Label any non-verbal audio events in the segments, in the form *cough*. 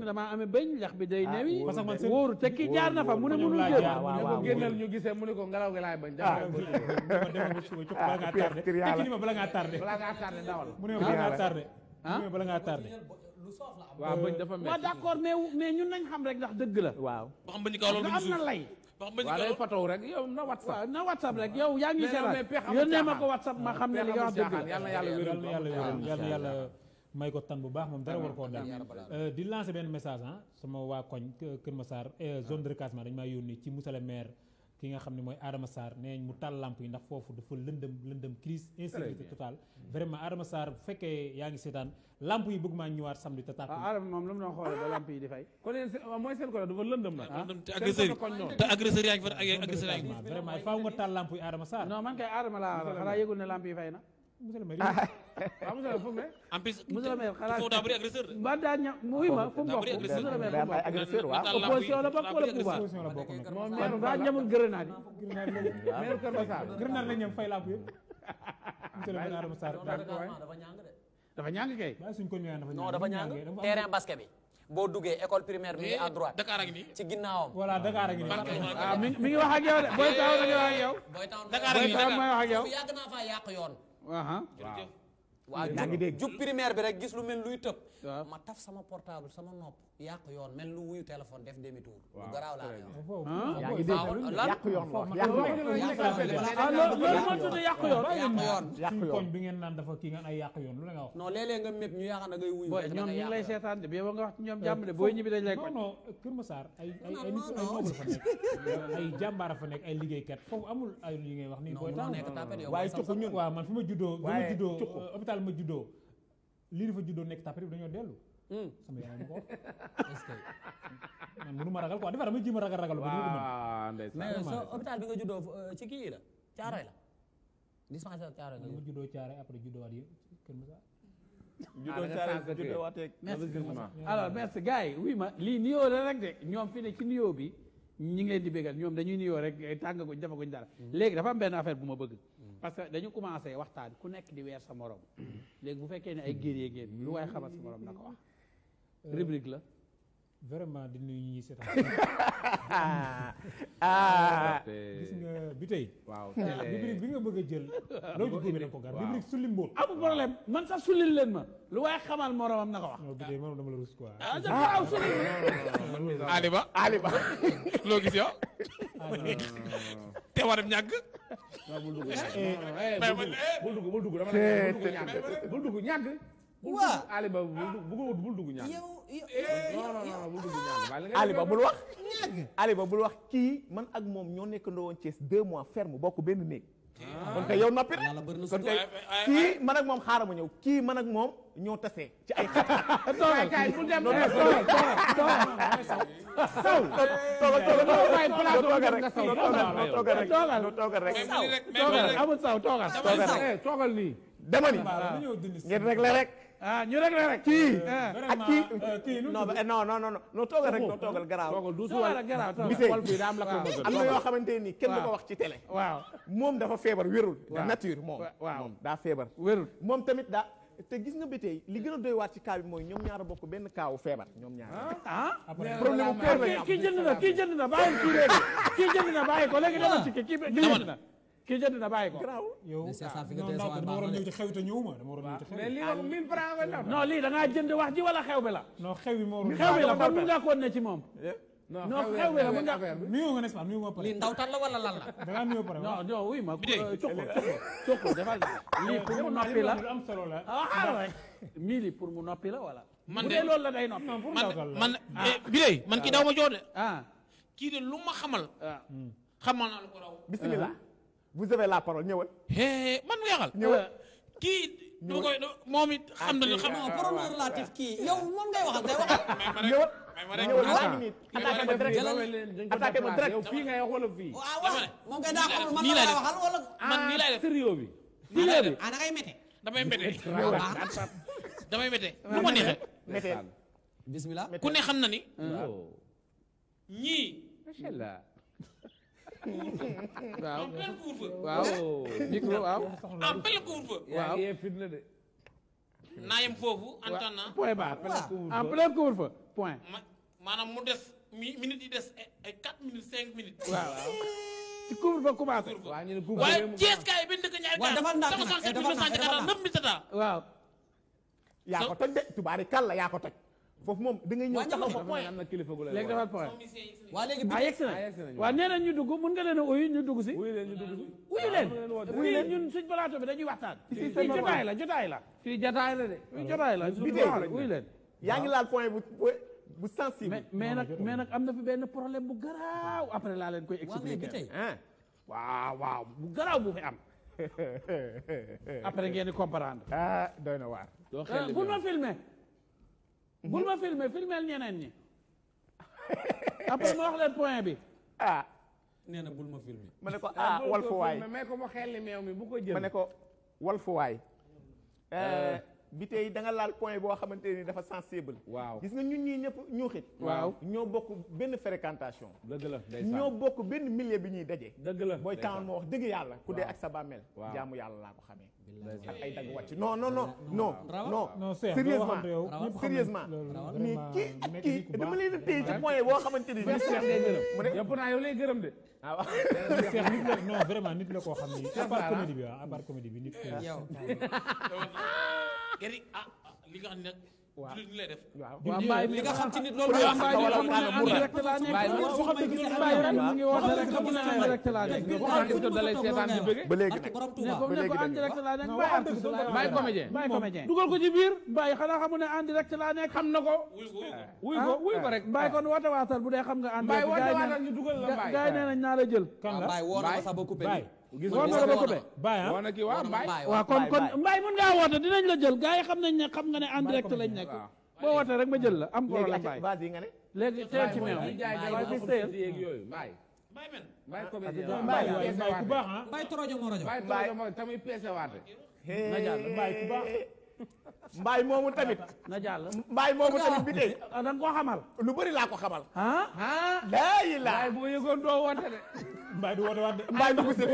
damaa amee bañ ñax bi day ah, newi wóoru te ki jaar na fa mu ne mënul génn mu ne ko ngelaw gi laay ah. *laughs* ba suba cok bala ah, ngaa tardé tekki ni ma bala ngaa tardé bala ngaa tardé dawal mu ne bala ngaa tardé mu ne bala ngaa tardé waaw bañ dafa metti waaw ñun nañ xam rek ndax dëgg la waaw ba xam bañ kaw loolu am na lay waa day photo rek yow na whatsapp na whatsapp yow yaa ngi seetaan yónnee ma ko whatsapp ma xam ne li nga wax dëgg la yàlla yàlla wéral yàlla yàlla may ko tan bu baax moom dara war koo dal euh, di lancer benn message ah sama waa koñ Kër Massar euh, ah. zone de recasement dañu maa yónni ci monsieur ki nga xam ne mooy Adama Sarr nee mu taal lamp yi ndax foofu dafa lëndëm lëndëm crise insécurité totale mm. vraiment Adama yaa ngi seetaan lamp yi bëgg maa ñëwaat samedi te tàkk ah, Adama moom lu mu doon xoolee ba lamp yi di fay kon mooy seen ko dafa lëndëm nag ah, te yaa ngi fa agresseur yaa ngi vraiment faaw nga *laughs* waaw monsieur le fu mu ne. en plus agresseur de. daa ña muy ma fu mu bokk. la bokk wala pouvoir. moom maire grenade. la ñam fay làmp yëpp. monsieur le maire Adama Sarr dafa ñàng de. dafa ñàng kay. suñ ko ñëwee dafa ñàng. non basket bi. boo duggee école primaire bi à droite. Dakar a ngi nii ci ginnaawam. voilà Dakar a ngi nii. mi mi ngi wax ak yow de Boy ngi wax ak yow. Boy Town mooy wax ak yow. yàgg waaw yaa ngi dégg jub primaire bi rek gis lu mel luy tëb ma taf sama portable sama nopp yàq yoon mel lu wuyu téléphone def demi tour lu garaaw laa lay wax yàq yoon yàq yoon yàq yoon bi ngeen dafa kii ngeen ay yàq yoon lu la nga wax non léeg-léeg nga mépp ñu yaakaar na ngay wuyu ñoom ñu ngi lay seetaan de bi yow nga nekk ay jàmbaar fa nekk amul ay li ngay wax nii booy tax waaye cuxu ñun waaw man fi ma juddoo fi ma juddoo hôpital ma juddoo lii dafa juddoo nekk tapet bi dañoo dellu sama yaay ma ko est-ce que ma ragal quoi dafa a ragal ragal ba du ma juddoo ci kii la caaray la dispensaire caaray la ma juddoo caaray après juddoo waat yëpp kër Moussa juddoo caaray ma lii nuyoo la rek de ñoom fi ne ci nuyoo bi ñi ngi leen di bégal ñoom dañuy nuyoo rek tàngaguñ defaguñ dara léegi dafa am benn bu ma bëgg parce que dañu commencé waxtaan ku nekk di weer sa morom léegi bu fekkee ne ay guerrier ngeen lu waaye xamal si morom na ko wax Euh, rubrique la. vraiment di nuyu ñi seetaan. *laughs* ah. ah. bi tey. waaw ah, rubrique bi nga bëgg a jël. *laughs* loo ci góobee da ko gar rubrique sulli mbool. amul problème man sax sullil leen ma. lu waaye xamal moromam na ko wax. non bi tey moom dama la ah, loo gis yow. te war a ñàkk. Eh, eh, eh. bul dugg bul waa Aliba bul bul dugg ñaan. yow eh, Aliba bul wax. Aliba kii man ak moom ñoo nekkandoo woon Thiès mois ferme bokk benn néeg. Ah. kon kay yow noppi rek kon kay eh, eh, kii man moom xaaral ma ñëw kii man moom ñoo tase ci ay. *laughs* toogal kay bul dem toogal toogal toogal toogal toogal toogal toogal ah ñu rek rek kii eh. ak ah, kii euh, kii non eh, non non non non toogal rek toogal garaaw toogal garaaw ah, am na yoo xamante ni kenn du ko wax ci télé waaw moom dafa feebar wérul nature moom waaw daa feebar wérul moom tamit daa te gis nga ba tey li gën a doy waar ci kaa bi mooy ñoom ñaar bokk benn kaawu feebar ñoom ñaar ah, ah? problème kër la kii jënd na kii jënd na bàyyi kii réer kii jënd na bàyyi ko léegi dama ci kii jënd na ki jënd na bàyyi ko. garaawul yow ah non non dama waroon lii wax da jënd wax ji wala xew bi la. non xew bi moo xew bi la kon mun ngaa ko ci moom. non xew bi la mun ngaa nuyoo nga lii ndawtal la wala la. da ngaa nuyoo pare non ma. cokko cokko defal lii pour mu noppi la am solo la. ah mii pour mu noppi la wala. man de bu dee loolu la day noppi. man man Biréy man ki daw ma jox kii de lu ma xamal. xamal naa lu ko bismillah vous avez la parole ñëwal. man mu yaxal. ñëwal kii. du koy moom it ah, xam na xam nga ah, pronom relatif kii yow moom nii laay ah, ne xam na ni. allah. waaw en plein couvre-feu. waaw micro waaw. en plein couvre-feu. waaw yee fitna de. naa point barre en mu des minutes yi des ay 4 minutes 5 minutes. waaw ci couvre-feu commencé. waaw ñu ne couvre-feu waaye Thiès kaay bi ndëkk ñaari kaar. dafa naax waaw. yaa ko toj de tubaari kàlla yaa ko toj. foofu moom da ngay ñëw taxaw foofu mooy léegi dafa point. waa léegi bi yegsi nañ waaw nee ñu dugg mën nga leen a uyu ñu dugg si uyu leen ñu uyu ah, leen ñun suñ plateau bi dañuy waxtaan fii jotaay la jotaay la fii jotaay la de fii jotaay la uyu leen yaa ngi laal point bu bu sensible mais nag mais nag am na fi benn problème bu garaaw après laa leen koy expliquer ah. waaw waaw bu garaaw bu fi am *laughs* après ngeen di comprendre ah doy na waar ah, bul ma filmer bul ma filmer filmeel ñeneen ñi après ma wax leen point bi ah nee ma filmé ma ne ko ah, ah Walf waay ko mu xelli meew mi bu ko jël ma ne ko Walf waay euh, bi tey da laal point boo xamante ni dafa sensible. waaw gis nga ñun ñii ñëpp ñuuxit waaw ñoo bokk benn fréquentation. dëgg la ñoo bokk benn milieu bi ñuy dajee dëgg la booy temps moo wax dëgg yàlla. ku dee ak sa bàmmeel. waaw jaamu yàlla laa ko xamee. ak ay dagg wàcc non non non. non non non sérieusement sérieusement mais boo xamante ni. mais Cheikh day ah, nit la vraiment nit la koo xam ni à part ah. comédie bi waaw ah, à part comédie bi nit *laughs* yari ah, ah li nga xam ne nag. waaw li lay def. waaw mbaay mi li nga xam ci nit loolu. waaw mbaay mi xam naa ne moom rek laa nekk. waaw mbaay ren mu ngi woote rek xam naa ne rek laa nekk. boo xam ne jot da lay seetaan di bëgg. ba léegi nag ba léegi nag waaw waaw mbaay comédien. mbaay comédien dugal ko ci biir. mbaay xanaa xamu ne en direct laa nekk xam na ko. wuy ko wuy ko ah, ah. rek. mbaay kon woote waatal bu dee xam nga. en direct mbaay woote waatal ñu dugal la mbaay. gars yi nee nañ naa la jël. kan la mbaay woo na ko sax ba coupé gis nga ko ko be Baay ah woon kon Mbaay mën ngaa woote dinañ la jël gars yi xam nañ ne xam nga ne en direct lañ nekk boo wootee rek ma jël la am problème Mbaay base yi nga ne léegi teel ci meew Mbaay Mbaay men Mbaay ko Mbaay ku baax ah Mbaay torojo moo Mbaay torojo moo tamit peese waate Mbaay ku baax mbaay moomu tamit. na jàll mbaay moomu tamit bi tey. a ah, nga koo xamal. lu bëri laa ko xamal. ah ah. laa yi boo yëgoon doo woote de. mbaay du woote waat de. mbaay dugg si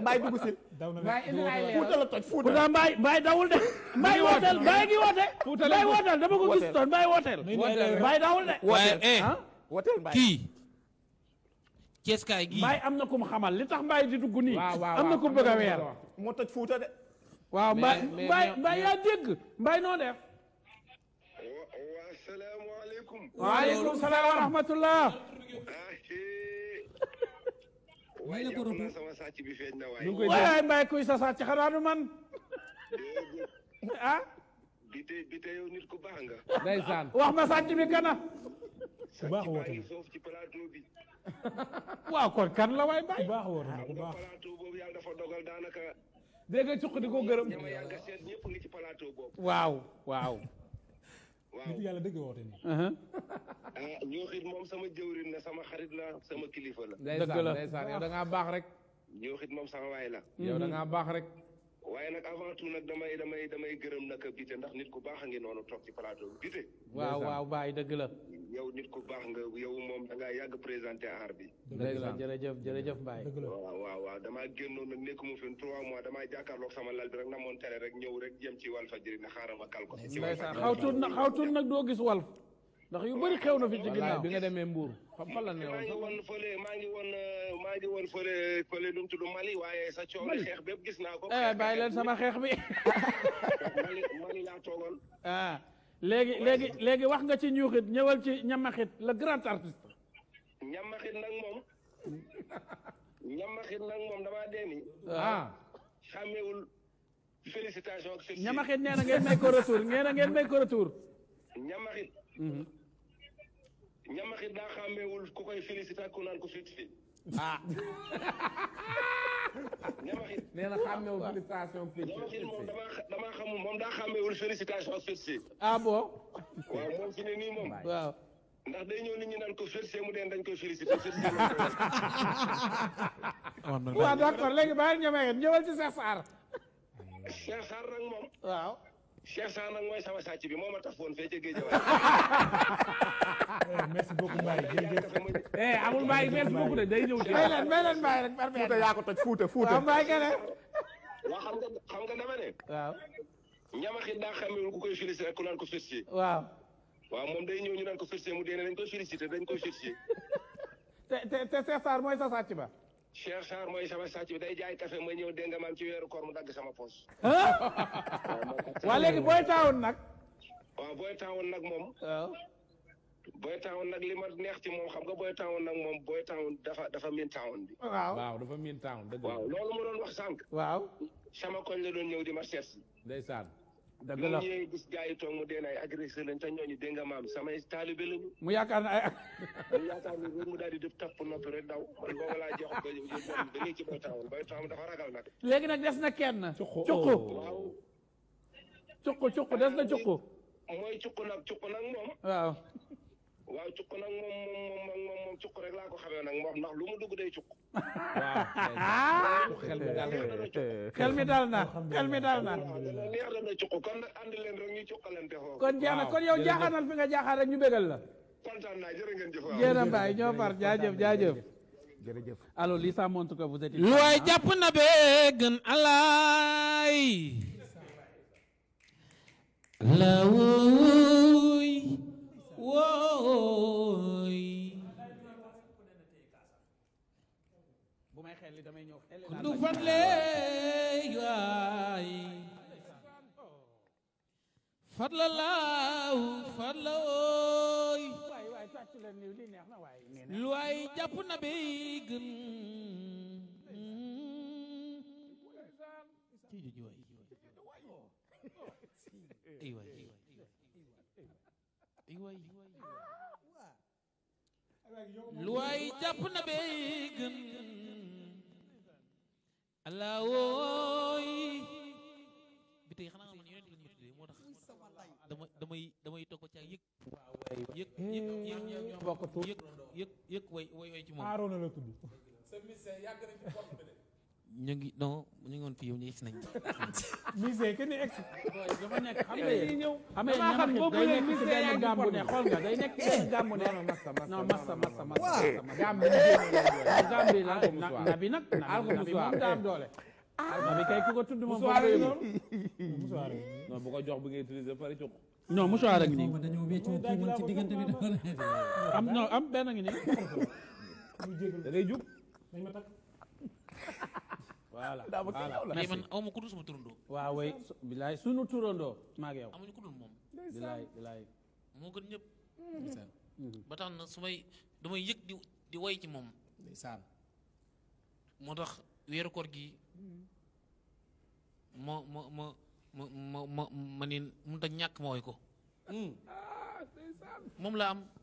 mbaay dugg si. daw na leen fuuta la toj fuuta la mbaay mbaay dawul de. mbaay wooteel mbaay ngi woote. fuuta la mbaay wooteel dama ko gis toon mbaay wooteel. mbaay dawul de. wooteel ah kii. Cees kaay gii mbaay am na ku mu xamal li tax mbaay di dugg nii. am na ku bëgg a weer moo toj fuuta de. waaw mbaay mbaay mbaay yaa dégg mbaay noo def waa salaamaaleykum waaleykum salaam wa rahmatullah waaye na sama sàcc bi feeñ na waaye mbaay sa sàcc xanaa du man ah bi yow nit ku baax nga wax ma sàcc bi kana ci plateau waaw kon kan la waay mbaay ku baax woote na ku dogal daanaka dee koy suq di ko gërëm. ñëpp ci plateau boobu. waaw waaw. waaw nit yàlla dëgg woote nii. ah ñooxit moom sama jëwrin la sama xarit la sama kilifa la. dëgg la ndeysaan yow da baax rek. ñooxit moom sama waay la. yow da baax rek. waaye nag avant tout nag damay damay damay gërëm nag Bité ndax nit ku baax a noonu toog ci plateau bi waaw waaw baay dëgg la. yow nit ku baax nga yow moom da ngaa yàgg présenté aar bi. dëgg la jërëjëf jërëjëf Mbaye. waaw waaw waaw damaa génnoon nag nekk mu fi trois mois damaa jàkkaarloog sama lal bi rek na moon tere rek ñëw rek jëm ci Walfadjri na xaaral ma kal ko. ndeysaan xaw tuut nag xaw doo gis Walf. ndax yu bëri xew na fi ci bi nga demee Mbour. xam fan la ne woon maa ngi woon fële maa ngi woon euh, maa ngi woon fële fële nu mu tudd Mali waaye sa coono xeex bépp gis naa ko. Eh, bàyyi leen sama xeex bi. Mali Mali laa toogoon. ah. léegi léegi wax nga ci ñuuxit ñëwal ci ñamaxit la grand artiste ñamaxit nag moom ñamaxit nag moom damaa dee ni ah, ah. xàmmeewul félicitation ak succès ñamaxit nee na ngeen may ko retour nee ngeen may ko retour ñamaxit mhm. ñamaxit daa xàmmeewul ku koy félicité ku naan ko félicité ah *laughs* nee na xàmmeewul félicitation ak félicité. moom damaa xamul moom daa xàmmeewul félicitation ak félicité. ah bon. waaw moom fi ne nii moom. waaw. ndax day ñëw nit ñi naan ko félicité mu deen dañ koy félicité. waaw d'accord léegi bàyyi ñeme ngeen ñëwal ci Cheikh Sarr. Cheikh Sarr nag moom. waaw. Cheikh Sarr nag mooy sama sàcc bi moo ma tafoon fee ca géej waay. Eh, merci beaucoup Mbaye jërëjëf. Eh, amul Mbaye merci beaucoup de day ñëw. may may leen Fuuta yaa toj Fuuta Fuuta. waaw Mbaye keneen. waaw xam nga xam nga dama ne. waaw. ñamaxit daa xamewul ku koy félicité rek ku naan ko félicité. waa waaw moom day ñëw ñu naan ko félicité mu dee dañ koy félicité dañ koy félicité. te te te mooy sa sàcc ba. Cheikh mooy sama sàcc bi day jaay café mooy ñëw denga nga maam ci weeru koor mu dagg sama poche. *laughs* waa léegi booy taawoon nag. booy taawoon nag moom. waaw. booy nag li ma neex ci moom xam nga booy taawoon nag moom booy taawoon dafa dafa miin taawoon bi. waaw dafa miin taawoon dëgg waaw loolu ma doon wax sànq. waaw. sama koñ la doon ñëw di ma seet si. ndeysaan. dëgg la ñëwee gis gars yi toog mu na ay agressé lañ te ñooñu dégg nga maam samay taalibe lañu. mu yaakaar ne ay. mu yaakaar daal di def tapp noppi rek daw laa jox ko ba léegi ci dafa ragal nag. léegi nag des na kenn. cuqu cuq cuq des na cuq. mooy cuq nag cuq nag moom. waaw. waaw cuq nag moom moom moom moom cuq rek laa ko xamee nag moom ndax lu mu dugg day cuq. waaw *laughs* xel mi daal na xel mi daal na xel mi daal na. neex na cuq kon nag andi leen rek ñu cuqalante foofu. kon jeex na kon yow jaaxaanal fi nga jaaxaan a ñu bégal la. kontaan naa jërë ngeen jëf. jërë mbaay ñoo far jaajëf jaajëf. jërëjëf alors lii ça montre que vous êtes. looy na bee gën alaay. la wooy wooy du fatle waay fatla laaw fatla wooy lu ay waay ay jàpp na bey gën allah bi tey xanaa man yonent lañ ma tuddee moo tax dama damay toog ba ca yëg yëg yëg yëg way way way ci moom la tudd sa mission ñu ngi non ñu ngi woon fii yow ñu gis nañ ci. musée kenn egg si. dafa nekk xam nga yéen xam nga yéen xam nga day nekk si benn gàmmu ne xool nga day nekk si benn gàmmu ne. non massa massa massa massa gàmmu bi la nabi nag nabi moom daa am doole. nabi kay ku ko tudd moom boo koy non bu ko jox bu ngeen utiliser pare jox non mouchoir ak nii dañoo wéccoo kii man ci diggante bi am non am benn ngi nii. da ngay jug. voilà mais man aw ma ku dul sama turandoo. waaw way bilaay turandoo maa ngi yow. amuñu ku moom. bilaay bilaay. moo gën ñëpp. Mm-hmm. Mm-hmm. ba tax na su may damay yëg di way ci moom. moo tax weeru koor gi mm-hmm. ma ma ma ma ma ma ma ne mënut ñàkk ma ko. Mm. Ah, moom laa am.